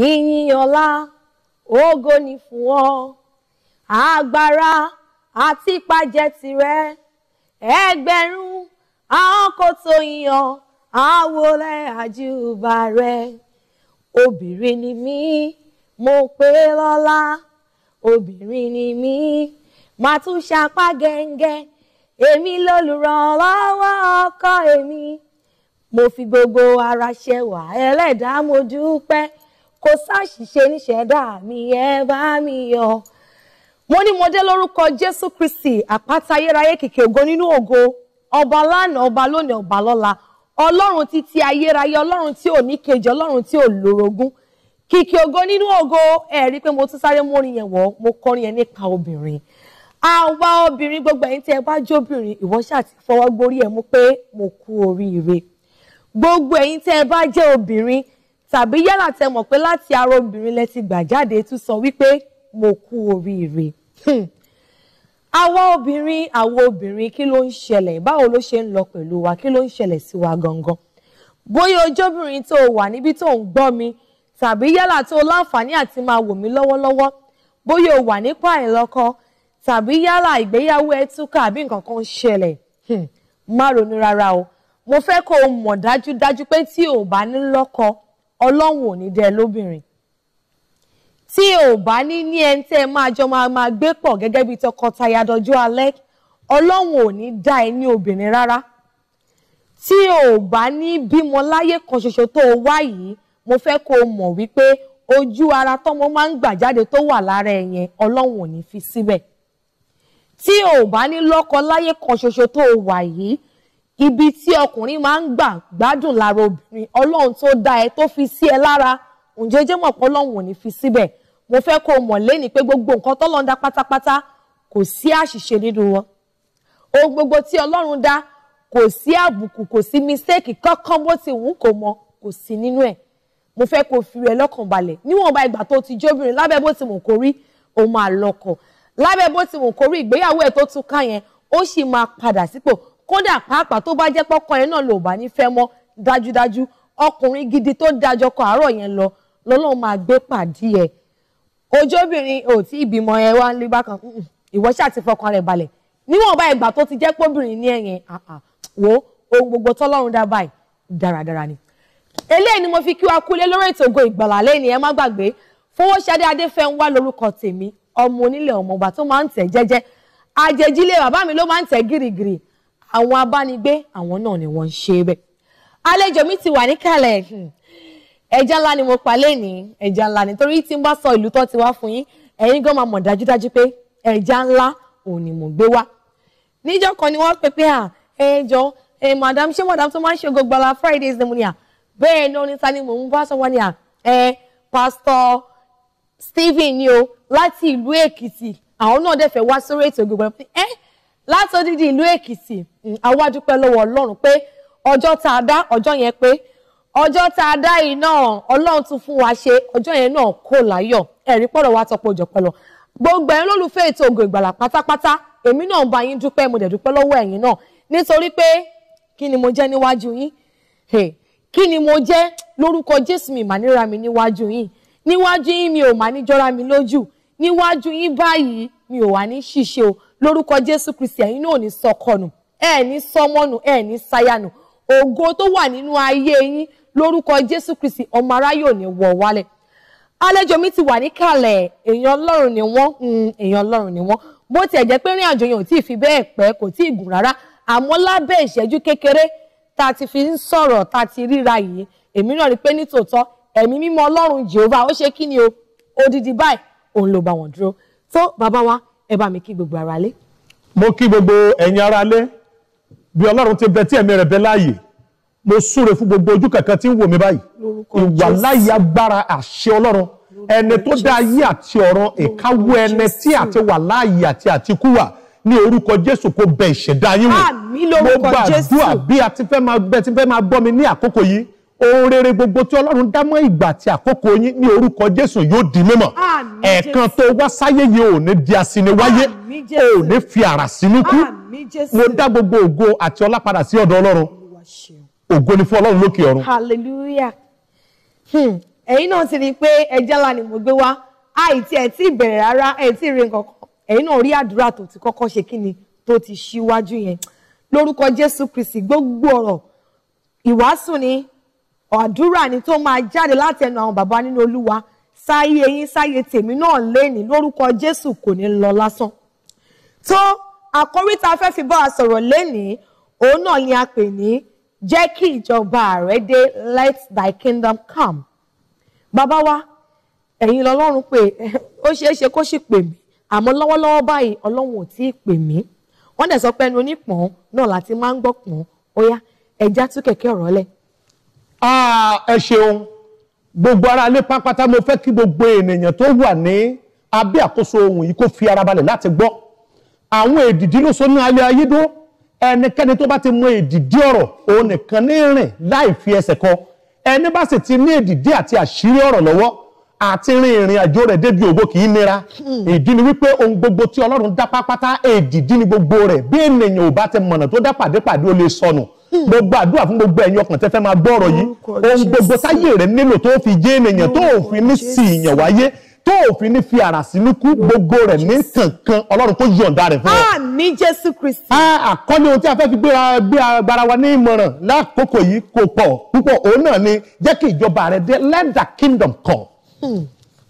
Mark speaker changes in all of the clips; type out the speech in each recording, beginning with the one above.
Speaker 1: yìnyín ọlá ògo ni fún ọ agbára àti pàjẹ́ tìrẹ ẹgbẹ̀rún àwọn kò tó yan àwòrán àjùbà rẹ obìnrin ni mí mo pé lọ́lá obìnrin ni mí màá tún ṣapá gẹ́ngẹ́ èmi lolùrànlọ́wọ́ ọkọ èmi mo fi gbogbo ara ṣẹwà ẹlẹ́dàá mo dúpẹ́ kò sáṣìṣe níṣẹ̀dá mi ẹ bá mi yọ̀ mo ní mo dé lórúkọ Jésù Kristi àpáta ayérayé kìkì ògo nínú ògo ọba lánàá ọba lónìí ọba lọ́la ọlọ́run tí ti ayérayé ọlọ́run tí ò ní kejì ọlọ́run tí ò lórogún kìkì ògo nínú ògo ẹ rí i pé mo tún sáré mórin yẹn wọ̀ mo kọrin yẹn nípa obìnrin àwa obìnrin gbogbo ẹ̀yin tí ẹ bá jóbìnrin ìwọ ṣáà ti gborí ẹ mú pé mo kú oríire gbogbo ẹ̀yin tí ẹ bá jẹ́ obìnrin tàbí yálà tẹ mọ̀ pé láti ara obìnrin lẹ ti gbà jáde tún sọ wípé mo kú oríire. Hmm. àwa obìnrin àwa obìnrin kí ló ń ṣẹlẹ̀ báwo ló ṣe ń lọ pẹ̀lú wa kí ló ń ṣẹlẹ̀ sí wa gangan. bóyá ojóbìnrin tó wà níbi tó ń gbọ́ mi tàbí yálà tó láǹfààní àti máa wò mí lọ́wọ́lọ́wọ́ bóyá o wà nípa àìlọ́kọ tàbí yálà ìgbéyàwó ẹ túká àbí nǹkan ṣẹlẹ̀ hmm. má ronú rárá o mo fẹ́ kó o mọ̀ dájúdájú pé tí o bá ní lọ́kọ ọlọ́run ò ní dẹ lóbìnrin tí ò bá ní ní ẹni tẹ́ ẹ máa jọ máa máa gbé pọ̀ gẹ́gẹ́ bíi tọkọtaya dọjọ́ alẹ́ ọlọ́run ò ní dá ẹ ní obìnrin rárá tí ò bá ní bímọ láyé kan ṣoṣo tó o wá yìí mo fẹ́ kó o mọ̀ wípé ojú ara tọ́mọ máa ń gbà jáde tó wà lára ẹ yẹn ò ní fi síbẹ̀ tí ò bá ní lọ́kọ láyé kan ṣoṣo tó o wà yìí ibi tí ọkùnrin máa ń gbà gbádùn lára obìnrin ọlọ́run tó dá ẹ tó fi sí ẹ lára ǹjẹ́ jẹ́ mọ̀ pé ọlọ́run ò ní fi síbẹ̀ mo fẹ́ kó o mọ̀ lẹ́ni pé gbogbo nǹkan tọ́lọ́run dá pátápátá kò sí àṣìṣe nínú wọn ohun gbogbo tí ọlọ́run dá kò sí àbùkù kò sí mistake kankan bó ti wù kó mọ kò sí nínú ẹ̀ mo fẹ́ kó o fi rẹ lọ́kàn balẹ̀ níwọ̀nba ìgbà tó ti jóbìnrin lábẹ́ bó ti mọ̀ kó rí o máa lọ́kọ lábẹ́ bó ti mọ̀ kó rí ìgbéyàwó ẹ̀ tó tún ká yẹn ó sì máa padà sípò kódà pàápàá tó bá jẹ́ pọ́kọ yẹn náà ló bá ní fẹ́ mọ́ dájúdájú ọkùnrin gidi tó dájọ́ kọ àárọ̀ yẹn lọ lọ́lọ́run máa gbé pàdé ẹ̀ ojóbìnrin ò tí ìbímọ ẹ wá ń lé bákan ìwọ ṣáà ti fọkàn rẹ̀ balẹ̀ níwọ̀nba ìgbà tó ti jẹ́ pọ́bìnrin ní ẹ̀yìn wo ohun gbogbo tọ́lọ́run dá báyìí dáradára ni. eléyìí ni mo fi kí wa kúlé lórí ètò Ògo Ìgbàlà lẹ́yìn ẹ má gbàgbé Fowóṣadé Adéfẹ́nwá lórúkọ tèmi ọmọ onílẹ̀ ọmọọba tó máa ń tẹ̀ jẹ́jẹ́ àjèjì bàbá mi ló máa ń tẹ̀ gírígírí àwọn abánigbé àwọn náà ni wọ́n ń ṣe bẹ́ẹ̀. àlejò mi ti wà níkàlẹ̀ hmm. ẹja ńlá ni mo pa lẹ́ni ẹja ńlá ni torí tí n bá sọ ìlú tó ti wá fún yín ẹ̀yin gan máa mọ̀ dájúdájú pé ẹja ńlá òun ni mo gbé wá. níjọ́ kan ni wọ́n pè pé à ẹ ẹ madam ṣé madam tó máa ń ṣe gbogbo ala Fridays ni mo ní à bẹ́ẹ̀ ni oníta ni mò ń bá sọ wọ́n ní à ẹ pásítọ̀ Stephen ni o láti ìlú Èkìtì àwọn náà dẹ̀ fẹ́ wá sórí ètò gbogbo ẹ̀ látòdìdí ìlú èkìtì àwa mm, dúpẹ́ lọ́wọ́ ọlọ́run pé ọjọ́ tá a dá ọjọ́ yẹn pé ọjọ́ tá a dá yìí náà ọlọ́run tún fún wa ṣe ọjọ́ yẹn náà kò láyọ̀ ẹ̀rí pọ̀rọ̀ wa tọpọ̀ òjọ̀pọ̀lọ̀ gbogbo ẹ̀yin lólùfẹ́ ètò Ògo Ìgbàlà pátápátá èmi náà bá yín dúpẹ́ mo dẹ̀ dúpẹ́ lọ́wọ́ ẹ̀yin náà nítorí pé kí ni mo jẹ́ níwájú yín kí ni mo jẹ́ lórúkọ Jésù mi mà níra mi níwájú yín níwájú yín mi ò mà níjọra mi lójú níwájú yín báyìí mi ò wà ní ṣìṣe o lórúkọ jésù kristi ẹ̀yin náà ò ní sọkọnù ẹ̀ ní sọmọnù ẹ̀ ní sáyànù ògo tó wà nínú ayé yín lórúkọ jésù kristi ọmọ aráyé ò ní wọ̀ wálẹ̀ àlejò mi ti wà níkàlẹ̀ èèyàn ọlọ́run ni wọ́n hmm, èèyàn ọlọ́run ni wọ́n bó tiẹ̀ jẹ́ pé rìn àjò yẹn ò tí ì fi bẹ́ẹ̀ pẹ́ kò tí ì gùn rárá àmọ́ lábẹ́ ìṣẹ́jú kékeré tá a ti fi ń sọ̀rọ̀ tá a ti ríra yìí èmi náà rí pé ní tòótọ́ ẹ̀mí mímọ́ ọlọ́run Jèhófà ó ṣe kí ni o odidi báyìí òun ló bá wọn dúró tó bàbá wa ẹ bá mi kí gbogbo ara lé.
Speaker 2: mo kí gbogbo ẹ̀yin ara lé bí ọlọ́run ti bẹ tí ẹ̀mí rẹ̀ bẹ láàyè mo súre fún gbogbo ojú kankan tí ń wò mí báyìí ìwà láyé agbára àṣẹ ọlọ́run ẹni tó dá ayé àti ọ̀run ìkáwọ́ ẹni tí àti wà láàyè àti àtikú ní orúkọ jésù kó bẹ ìṣẹ̀dá yín wò mo gbàdúrà bí a ti fẹ́ máa gbọ́ mi ní àkókò yìí ohun rere gbogbo tí ọlọ́run dámọ́ ìgbà àti àkókò yín ní orúkọ jésù yóò di mímọ̀ ẹ̀ẹ̀kan tó wá sáyé yìí ò ní di asiniwáyé
Speaker 1: ò ní fi àrà sínú kú mo dá
Speaker 2: gbogbo ògo àti ọlá padà sí ọ̀dọ̀ ọlọ́run ògo ni fún ọlọ́run lókè ọ̀run.
Speaker 1: hallelujah hmm, ẹ̀yin náà ti rí i pé ẹja la ni mo gbé wá àìtí ẹ̀ tí ìbẹ̀rẹ̀ rárá ẹ̀ tí ìrìn kankan ẹ̀yin náà rí àdúrà tó ti kọ́kọ́ ṣe kí ni tó ti ṣíwájú yẹn lórúkọ jésù kristi gbogbo ọ̀rọ̀ ìwàásù ni àdúrà ni tó máa jáde láti ẹnu àwọn bàbá nínú olúwa sáyé yín sáyé tèmi náà léni lórúkọ jésù kò ní lọ lásán tó àkórí tá a fẹ́ fi bá a sọ̀rọ̀ lénìí òun náà ni a pè ní jẹ́ kí ìjọba rẹ dé let thy kingdom come bàbá wa ẹ̀yin lọ́lọ́run pé ó ṣeé ṣe kó sì pè mí àmọ́ lọ́wọ́lọ́wọ́ báyìí ọlọ́run ò tí ì pè mí wọ́n dẹ̀ sọ pé ẹnu onípọ̀n náà láti máa ń gbọ́ pọ̀n ó yá ẹja tú kẹ̀kẹ́ ọ̀rọ̀ lẹ̀ Ah, ẹ ṣeun gbogbo ara ilé pápátá
Speaker 2: mo fẹ́ kí gbogbo ènìyàn tó wà ní abẹ́ àkóso ohun yìí kó fi ara balẹ̀ láti gbọ́ àwọn èdìdí ló sọ ní alẹ́ ayédó ẹnikẹ́ni tó bá ti mọ èdìdí ọ̀rọ̀ òun nìkan ní rìn láì fi ẹsẹ̀ kọ ẹni bá sì ti ní èdìdí àti àṣírí ọ̀rọ̀ lọ́wọ́ àti rin ìrìn àjò rẹ̀ débi ògo kì í nira ìdí ni wípé ohun gbogbo tí Ọlọ́run dá pápátá èdìdí ni gbogbo rẹ̀ bí ènìyàn ò bá ti mọ̀nà tó dá pàdépàdé ó lè sọnù mo hmm. gbàdúrà fún gbogbo ẹ̀yin ọkàn tẹ́fẹ́ máa gbọ́ ọ̀rọ̀ yìí ohun gbogbo táyé rẹ̀ nílò tó fi jẹ́ ènìyàn tó òfin ní sí ìyàn wáyé tó òfin ní fi àrà sínúkú gbogbo rẹ̀ ní kankan ọlọ́run kó yọ̀ǹda rẹ̀ fún ọ. a ní jésù kristi. a àkọ́ni ohun tí a fẹ́ fi gbé agbára wa ní ìmọ̀ràn lákòókò yìí kò pọ̀ púpọ̀ òun náà ni jẹ́ kí ìjọba rẹ̀ dé let the kingdom come. Hmm.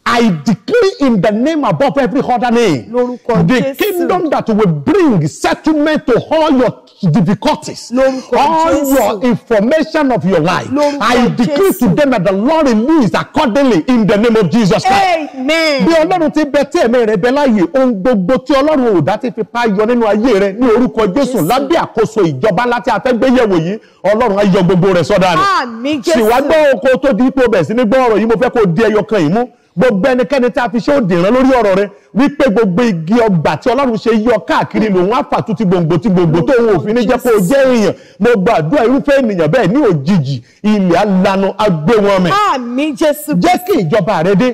Speaker 2: I declare in the name above every other name. Lórúkọ the Jésù. kingdom that will bring settlement to all your difficulties. Lórúkọ all Jésù. your information of your life. Lórúkọ I declare Jésù. to them that the Lord release accordingly in the name of Jesus Christ. Amen. Bí Ọlọ́run ti bẹ tí ẹ̀mí rẹ̀ bẹ láàyè ohun gbogbo tí Ọlọ́run òdá ti fi pa yọ nínú ayé rẹ̀ ní orúkọ Jésù lábẹ́ àkóso ìjọba láti afẹ́gbéyẹ̀wò yìí Ọlọ́run á yọ gbogbo rẹ̀ sọ́dà rẹ̀. Àmín Jésù. Ṣìwágbọ́ oko tó di ipò bẹ̀ sí ní gbọ́ ọ̀rọ̀ yìí mo fẹ́ kó di ẹyọ kan yìí mú gbogbo ẹnikẹ́ni tí a fi ṣe òdìrán lórí ọ̀rọ̀ rẹ wípé gbogbo igi ọgbà tí ọlọ́run ṣe yọ káàkiri lòun àfàtú ti gbòǹgbò ti gbòǹgbò tó òun òfin ní jẹ́ kó o jẹ́ èèyàn mo gbàdúrà irúfẹ́ ènìyàn bẹ́ẹ̀ ní òjijì ilẹ̀ alanu agbé wọn mẹ́. àmín jésù jẹ́ kí ìjọba rẹ dé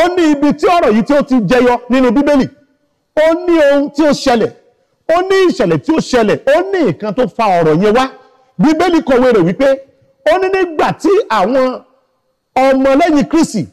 Speaker 2: ó ní ibi tí ọ̀rọ̀ yìí tí ó ti jẹyọ nínú bíbélì ó ní ohun tí ó ṣẹlẹ̀ ó ní ìṣẹ̀lẹ̀ tí ó ṣẹlẹ̀ ó ní nǹkan tó fa ọ̀rọ̀ yẹn wá bíbélì kọ̀wé rẹ̀ wípé ó ní nígbà tí àwọn ọmọlẹ́yìn kristi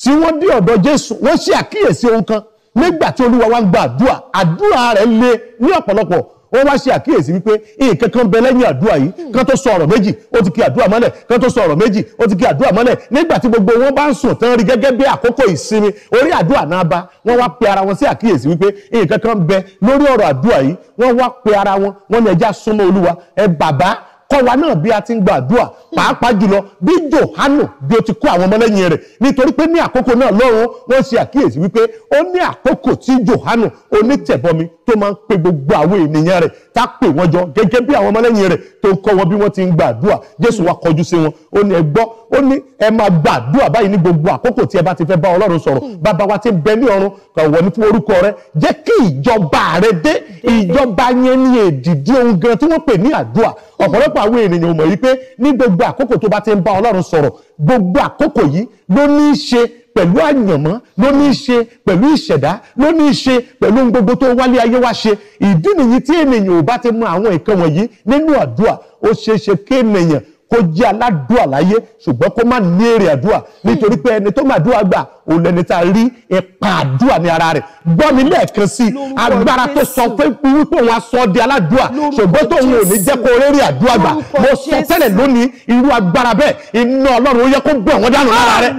Speaker 2: tí wọ́n dé ọ̀dọ̀ jésù wọ́n ṣe àkíyèsí ohun kan nígbà tí olúwa wa ń gba àdúrà àdúrà rẹ̀ le ní ọ̀pọ̀lọpọ̀ wọ́n wá ṣe àkíyèsí wípé nǹkan kan bẹ lẹ́yìn àdúrà yìí hmm. kan tó sọ ọ̀rọ̀ méjì ó ti kí àdúrà mọ́lẹ̀ kan tó sọ ọ̀rọ̀ méjì ó ti kí àdúrà mọ́lẹ̀ nígbà tí gbogbo wọn bá ń sùn tán rí gẹ́gẹ́ bí àkókò ìsinmi orí àdúrà náà bá wọ́n wá pe ara wọn sí àkíyèsí wípé nǹkan kan bẹ lórí ọ̀rọ̀ àdúrà yìí wọ́n wá pe ara wọn wọ́n ní ẹja súnmọ́ olúwa ẹ bàbá kọ́ wa náà bí a ti ń gba àdúrà pàápàá jùlọ bí Jòhánù bí o ti kó àwọn ọmọlẹ́yìn rẹ̀ nítorí pé ní àkókò náà lọ́run wọ́n ṣe àkíyèsí wípé ó ní àkókò tí Jòhánù onítẹ̀bọmi tó máa ń pe gbogbo àwọn ènìyàn rẹ̀ tá pè wọ́n jọ gẹ́gẹ́ bí àwọn ọmọlẹ́yìn rẹ̀ tó ń kọ́ wọn bí wọ́n ti ń gbàdúrà jésù wa kọjú sí wọn ó ní ẹ gbọ́ ó ní ẹ máa gbàdúrà báyìí ní gbogbo àkókò tí ẹ bá ti fẹ́ bá ọlọ́run sọ̀rọ̀ bàbá wa ti ń bẹ ní ọ̀run kà wọ̀ mí fún orúkọ rẹ jẹ́ kí ìjọba rẹ dé ìjọba yẹn ní èdìdí ohun gan tí wọ́n pè ní àdúrà ọ̀pọ̀lọpọ̀ àwọn ènìyàn mọ̀ yìí pé ní gbogbo àkókò tó bá ti ń bá ọlọ́run sọ̀rọ̀ gbogbo àkókò yìí ló ní í ṣe pẹ̀lú àyànmọ́ ló ní í ṣe pẹ̀lú ìṣẹ̀dá ló ní í ṣe pẹ̀lú ohun gbogbo tó wálé ayé wá ṣe ìdí nìyí tí ènìyàn ò bá ti mọ àwọn nǹkan wọ̀nyí nínú àdúrà ó ṣeé ṣe kéèyàn kó jẹ́ aládùá láyé ṣùgbọ́n kó má ní èrè àdúà hmm. nítorí pé ẹni tó máa dúà gbà òun lẹni tá a rí ipa àdúà ní ara rẹ̀ gbọ́ mi lẹ́ẹ̀kan sí i agbára tó sọ pé wípé òun aṣọ di aládùá ṣùgbọ́n tó òun ò ní jẹ́ kó rẹ́rì àdúà gbà mo sọ tẹ́lẹ̀ lónìí irú agbára bẹ́ẹ̀ iná ọlọ́run ó yẹ kó gbọ̀ wọ́n dànù lára rẹ̀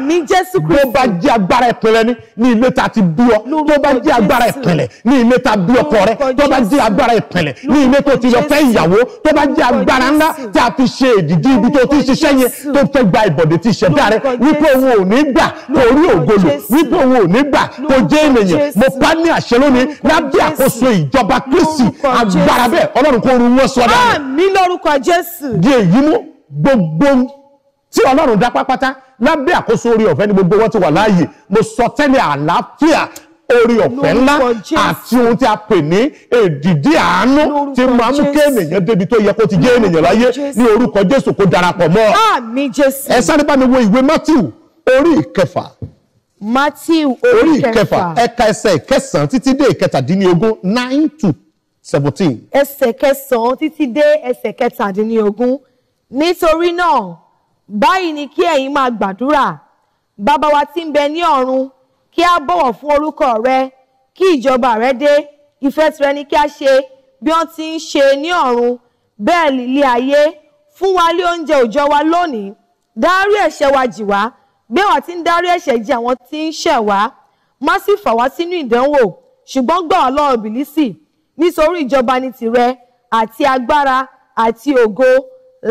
Speaker 2: tó bá jẹ́ agbára ìpínlẹ̀ ni ní ilé ta ti bí ọ tó bá jẹ́ agbára ìpínlẹ̀ ní ilé ta bí ọkọ rẹ tó bá jẹ́ agbára ìpínlẹ̀ ní ilé tó ti yọ fẹ́ ìyàwó tó bá jẹ́ agbára ńlá tá a fi ṣe èdìdí ibi tó ti ṣiṣẹ́ yẹn tó fẹ́ gba ìbọ̀dé ti ṣẹ̀dá rẹ wípé òun ò ní gbà torí ògolo wípé òun ò ní gbà tó jẹ́ ènìyàn mo bá ní àṣẹ lónìí lábẹ́ àkóso ìjọba Kristi agbára bẹ́ẹ̀ Ọlọ́run kò ru wọn sọ́dá rẹ. àmì lórúkọ Jésù. di èyí mú gbogbo tí Ọlọ́run dá pápátá lábẹ́ àkóso orí ọ̀fẹ́ ni gbogbo wọn ti wà láàyè mo sọ tẹ́lẹ̀ àlàáfíà orí ọ̀fẹ́ ńlá àti ohun tí a pè ní èdìdí àánú tí máa mú kí ènìyàn débi tó yẹ kó ti jẹ́ ènìyàn láyé ní orúkọ Jésù kó darapọ̀ mọ́. àmín Jésù. ẹ sáré bá mi wo ìwé Matthew orí ìkẹfà.
Speaker 1: Matthew orí ìkẹfà
Speaker 2: ẹ̀ka ẹsẹ̀ ìkẹsàn-án títí dé ìkẹtàdínlógún nine to seventeen.
Speaker 1: ẹsẹ̀ kẹsàn-án títí dé ẹsẹ̀ kẹtàdínlógún nítorí náà báyìí ni kí ẹ̀yin máa gbàdúrà bàbá wa tí ń bẹ ní ọ̀run kí a bọ̀wọ̀ fún orúkọ rẹ kí ìjọba rẹ dé ìfẹ́ tirẹ̀ ni kí a ṣe bí wọ́n ti ń ṣe ní ọ̀run bẹ́ẹ̀ nílé ayé fún wa lé oúnjẹ òòjọ́ wa lónìí dárí ẹ̀ṣẹ̀ wa jì wá gbé wa tí ń dárí ẹ̀ṣẹ̀ jì àwọn tí ń ṣẹ̀ wá má sì fà wá sínú ìdánwò ṣùgbọ́n gbà wá lọ́wọ́ bìlísì nítorí ìjọba ni tìrẹ àti agbára àti ògo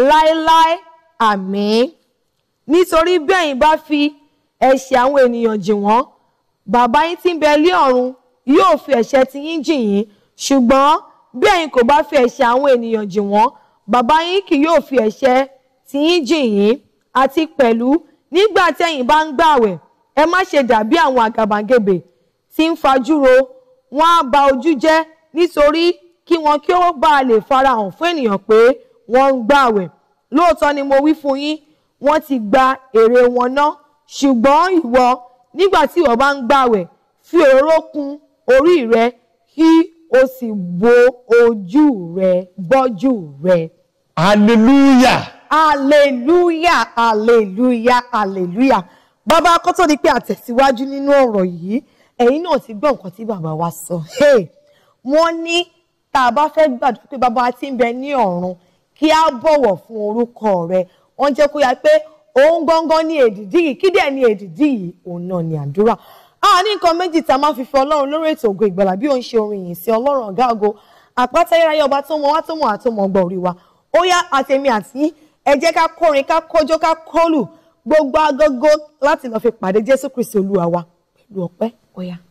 Speaker 1: láéláé àmín nítorí bẹ́yìn bá fi ẹ̀ṣẹ̀ àwọn ènìyàn jì wọ́n bàbá yín tí ń bẹ lé ọ̀run yóò fi ẹ̀ṣẹ̀ ti yín jì yín ṣùgbọ́n bí ẹ̀yin kò bá fi ẹ̀ṣẹ̀ àwọn ènìyàn jì wọ́n bàbá yín kì yóò fi ẹ̀ṣẹ̀ ti yín jì yín àti pẹ̀lú nígbà tí ẹ̀yin bá ń gbààwẹ̀ ẹ má ṣe dàbí àwọn àgàbàgebè tí ń fajúro wọ́n á ba ojú jẹ́ nítorí kí wọn kí ó bá a lè farahàn fún ènìyàn pé wọ́n ń gbààwẹ̀ lóòótọ́ ni mo wí fún yín wọ́n ti gba èrè wọn ná ṣùgbọ́n ìwọ nígbà tí ìwọ bá ń gbàwẹ̀ fi òróró kun orí rẹ kí o sì bo ojú rẹ bọ́jú rẹ. hallelujah. hallelujah hallelujah hallelujah bàbá kó tó di pé àtẹ̀síwájú nínú ọ̀rọ̀ yìí ẹ̀yin náà ti gbọ́ nǹkan tí bàbá wa sọ wọ́n ní tá a bá fẹ́ gbàdúrà pé bàbá ti ń bẹ ní ọ̀run kí a bọ̀wọ̀ fún orúkọ rẹ wọ́n jẹ́ kó yá pé òun gangan ni èdìdí yìí kí dẹ̀ ni èdìdí yìí òun náà ni àdúrà a ní nǹkan méjì tá a máa fi fi ọlọ́run lórí ètò ògo ìgbàlà bí òun ṣe orin yìí sí ọlọ́run ọ̀gá ògo àpáta iráyé ọba tó mọ wá tó mọ àtọmọ ọgbà orí ó yá àtẹ̀mí àti ẹ ká kọrin ká kọjọ́ ká kọlù gbogbo agogo láti lọ fi pàdé jésù kristi olúwa wa pẹ̀lú ọpẹ́ ó